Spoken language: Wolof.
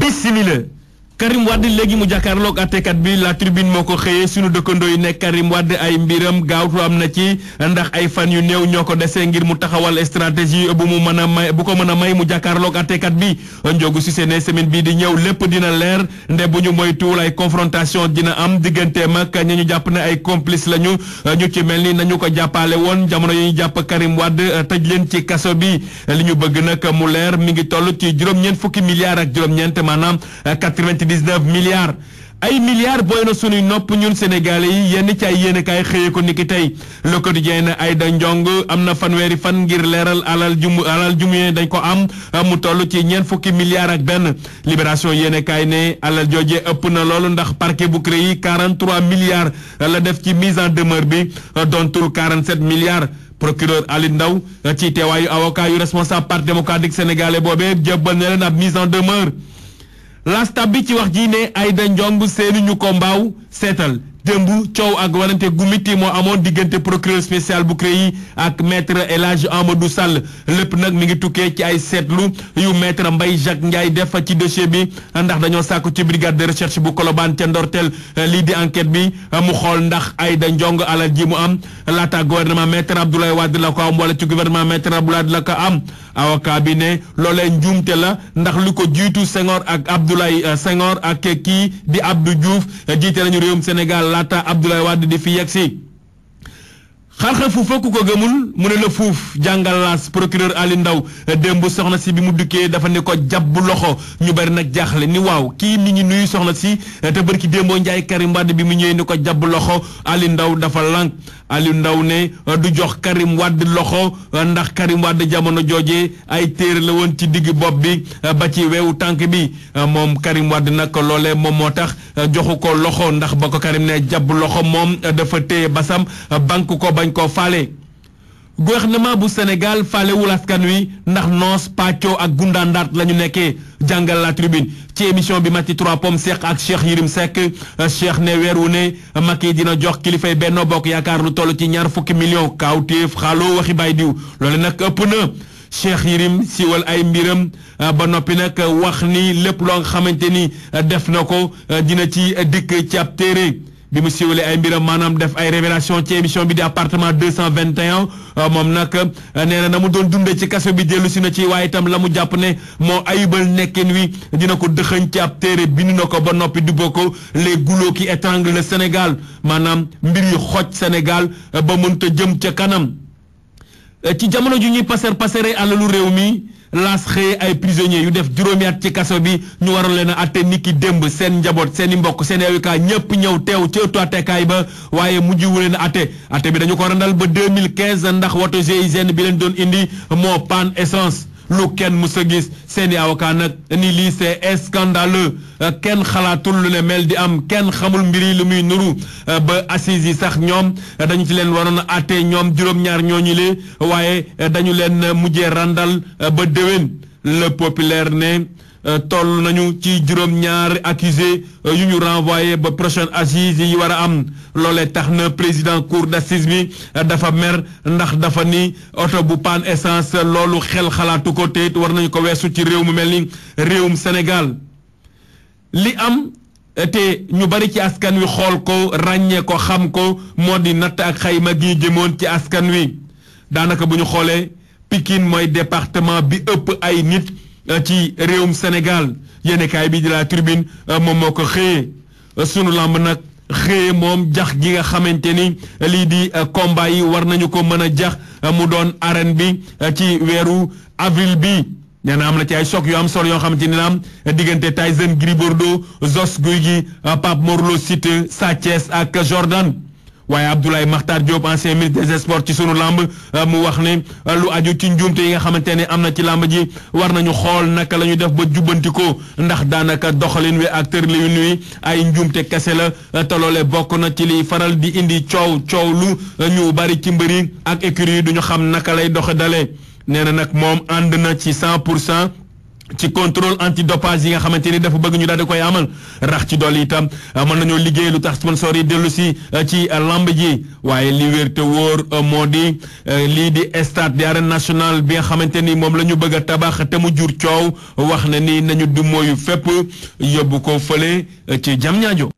Bessimile Karim Wade legi mu ak atekat bi la tribune moko xeye xëyee sunu yi nek Karim Wade ay mbiram gawtu amna na ci ndax ay fan yu new ñoko déssé ngir mu taxawal stratégie bu mu mëna may bu ko mëna may mu ak atekat bi ñogu ci seen semaine bi di ñew lepp dina lèr nde bu ñu moytuwul ay confrontation dina am digënté ak ñi ñu japp ne ay complice lañu ñu ci melni nañu ko jappalé won jamono yi japp Karim Wade eh, tej leen ci kasso bi liñu bëgg nak mu lèr mi ngi toll ci juroom ñen fukki milliards ak ñent manam 80 19 milliards ay milliards booy na sunuy nopp ñun sénégalais yi yenn ci ay yéenekaay xëyee ko niki tay le quotidien na Aïda Ndiongue am na fan ngir léral alal jumu alal jumu dañ ko am mu tollu ci ñen fukki milliards ak ben libération yéenekaay ne alal jojé ëpp na lolu ndax parquet bu créé 43 milliards la def ci mise en demeure bi tout 47 milliards. procureur Ali Ndaw ci téwayu avocat yu responsable parti démocratique sénégalais boobee jébbal na leen mise en demeure. lasta bi ci wax ji ne Aïda Ndiong seeni ñu ko mbaaw seetal Dembu ciow ak warante gumiti mo amone amoon procureur spécial bu créé ak maître Elage Amadou Sall lepp nak mi ngi tuké ci ay sétlu yu maître Mbaye Jacques Ndiaye def ci dossier bi ndax dañu sakku ci brigade de recherche bu Koloban ca ndortel li di enquête bi mu xol ndax ay da njong alal ji mu am lata gouvernement maître Abdoulaye Wade la ko am wala ci gouvernement maître Abdoulaye la ko am aw cabinet lolé loolee la ndax liko ko Senghor ak Abdoulaye Senghor ak ki di Abdou Diouf jiite lañu réewum Sénégal laata Abdoulaye Wade di fi yegsi xarxar fu fokk ko gëmul mu ne la fuuf jàngalaas procureur Ali Ndaw démb soxna si bi mu dukkee dafa ne ko jàpp loxo ñu bari nag jaaxle ni waaw kii mi ngi nuyu soxna si te ki démboo Njaay Karim Wade bi mu ñëwee ni ko jàbb loxo Ali Ndaw dafa lànk Aliou ndaw ne euh, du jox Karim wadd loxo euh, ndax Karim Wade jamono jooje ay téere la woon ci diggu bopp bi euh, ba ci wewu tànk bi moom Karim Wade nag loole moom moo tax joxu ko loxo ndax ba ko Karim ne jàpp loxo moom dafa téye basam bank ko bañ koo faale ma bu Sénégal falewul askan wi ndax noos pàccoo ak gundaandaat la ñu nekkee jàngal la tribune ci émission bi Mati 3 Pommes Seck ak Cheikh Yirim Seck Cheikh ne weer wu ne Macky dina jox kilifay Benno Bokk Yaakaar lu toll ci ñaar fukki million kaawteef xaaloo waxi bay diw loole nag ëpp na Cheikh Yirim siwal ay mbiram euh, ba noppi nag wax ni lépp loo nga xamante ni euh, def na ko euh, dina ci dikk ci ab téere bi mu siiwalee ay mbiram maanaam def ay révélation ci émission bi di appartement 221 euh, moom nag euh, nee na na mu doon dundee ci kaso bi dellu si na ci waaye itam la mu jàpp ne moo ayubal nekkin wi dina ko dëxëñ ci ab téere bindu na ko ba noppi du ko les goulots qui étrangle le Sénégal maanaam mbir yi xoj Sénégal euh, ba mënta jëm ca kanam. Euh, ci jamono ju ñuy passer passeree alalu réew mi laas xëye ay prisonniers yu def juróomi at ci kaso bi ñu waroon leen a atte niki démb seen njaboot seeni mbokk seen awika ñëpp ñëw teew ci ëttu attekaay ba waaye wu leen atte atte bi dañu ko randal ba 2015 ndax woto GIGN bi leen doon indi moo panne essence lu kenn mës a gis seeni i avocat nag ni lii c'est scandaleux euh, kenn xalaatul lu ne mel di am kenn xamul mbir yi li muy nuru euh, ba assises yi sax ñoom euh, dañu ci leen waroon a àtte ñoom juróom-ñaar ñooñu lee waaye dañu leen mujjee randal ba déwén. le populaire ne euh, toll nañu ci juróom-ñaari accusé euh, yu ñu renvoyé ba prochaine assise yi war a am loole tax na président cour d'assise bi euh, dafa mer ndax dafa ni oto bu panne essence loolu xel xalaatu ko te war nañu ko weesu ci réew mu mel nii réewum Sénégal li am te ñu bari ci askan wi xool ko ràññee ko xam ko moo di natt ak xayma gi jëmoon ci askan wi daanaka bu ñu xoolee. Pikine mooy département bi ëpp ay nit euh, ci réewum Sénégal yéenekaay bi di la Tribune euh, moom moo ko xëyee euh, sunu lamb nag xëyee moom jax gi nga xamante ni lii di combat war nañu ko mën a jax mu doon arène bi ci weeru avril bi nee na am na ci ay choc yoo am solo yoo xamante ni naam diggante Tyson Gris Bordeaux Zos Guy gi Pape Morlo Siteu Sa Thiès ak Jordan waaye Abdoulaye Makhtar Diop ancien ministre des sports ci sunu làmb euh, mu wax ne euh, lu aju ci njuumte yi nga xamante ne am na ci lamb ji war nañu xool naka la ñu def ba jubbanti ndax daanaka doxalin wi ak tërliwin nuy ay njuumte kese la euh, te bokk na ci liy faral di indi coow coow lu ñu bari ci mbëri ak écurie yi du ñu xam naka lay doxe dale nee nag moom ànd na ci 100 pour cent ci contrôle antidopage yi nga xamante ni dafa bëgg ñu daal di koy amal rax ci yi itam euh, mën nañoo liggéey lu tax sponsor yi dellu si euh, ci euh, lamb ji waaye li wér te wóor moo di lii di stade di arène nationale bi nga xamante ni moom la ñu bëgg a tabax te mu jur coow wax na ni nañu du mooyu fépp yóbbu ko fële ci jam ñaajo